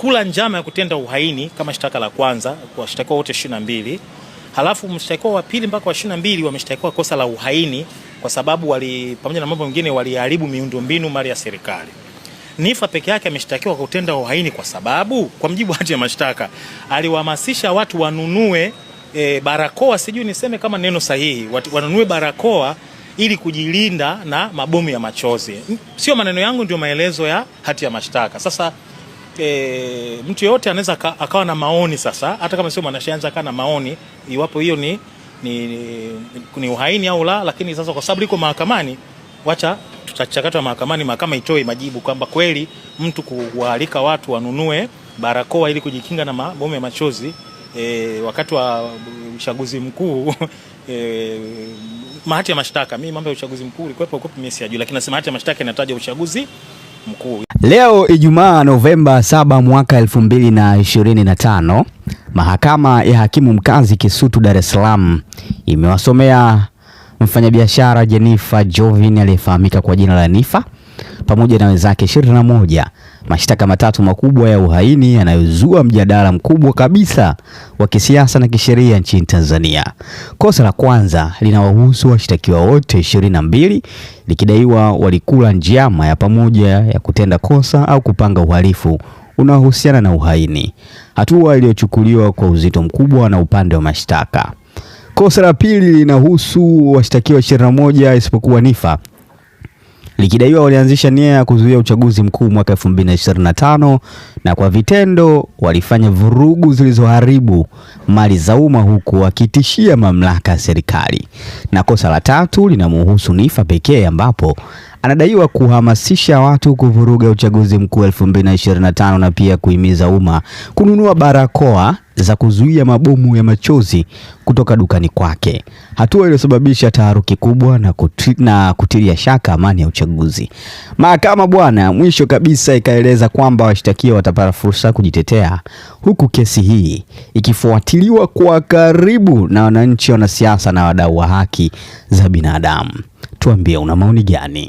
kula njama ya kutenda uhaini kama shtaka la kwanza kwa washtakiwa wote 22, halafu mshtakiwa wa pili mpaka wa 22 wameshtakiwa kosa la uhaini kwa sababu wali pamoja na mambo mengine waliharibu miundombinu mali ya serikali. Nifa peke yake ameshtakiwa kwa kutenda uhaini kwa sababu kwa mjibu wa hati ya mashtaka aliwahamasisha watu wanunue e, barakoa, sijui niseme kama neno sahihi, watu, wanunue barakoa ili kujilinda na mabomu ya machozi. Sio maneno yangu, ndio maelezo ya hati ya mashtaka. Sasa e, mtu yeyote anaweza akawa na maoni sasa, hata kama sio mwanasheria, akawa na maoni iwapo hiyo ni, ni, ni, ni uhaini au la. Lakini sasa kwa sababu liko mahakamani, wacha tutachakatwa mahakamani, mahakama itoe majibu kwamba kweli mtu kuwaalika watu wanunue barakoa ili kujikinga na mabomu ya machozi e, wakati wa uchaguzi mkuu e, mahati ya mashtaka, mimi mambo ya uchaguzi mkuu ulikuwepo, ulikuwepo, mimi sijui, lakini nasema hati ya mashtaka inataja uchaguzi mkuu. Leo Ijumaa Novemba 7 mwaka 2025, Mahakama ya Hakimu Mkazi Kisutu Dar es Salaam imewasomea mfanyabiashara Jenifer Jovin aliyefahamika kwa jina la Niffer pamoja na wenzake 21 mashtaka matatu makubwa ya uhaini yanayozua mjadala mkubwa kabisa wa kisiasa na kisheria nchini Tanzania. Kosa la kwanza linawahusu washtakiwa wote ishirini na mbili likidaiwa walikula njama ya pamoja ya kutenda kosa au kupanga uhalifu unaohusiana na uhaini, hatua iliyochukuliwa kwa uzito mkubwa na upande wa mashtaka. Kosa la pili linahusu washtakiwa ishirini na moja isipokuwa Niffer likidaiwa walianzisha nia ya kuzuia uchaguzi mkuu mwaka 2025 na kwa vitendo walifanya vurugu zilizoharibu mali za umma huku wakitishia mamlaka ya serikali. Na kosa la tatu linamhusu Niffer pekee ambapo anadaiwa kuhamasisha watu kuvuruga uchaguzi mkuu 2025 na pia kuhimiza umma kununua barakoa za kuzuia mabomu ya machozi kutoka dukani kwake, hatua iliyosababisha taharuki kubwa na, kutri, na kutilia shaka amani ya uchaguzi. Mahakama bwana, mwisho kabisa ikaeleza kwamba washtakiwa watapata fursa kujitetea, huku kesi hii ikifuatiliwa kwa karibu na wananchi, wanasiasa na wadau wa haki za binadamu. Tuambie, una maoni gani?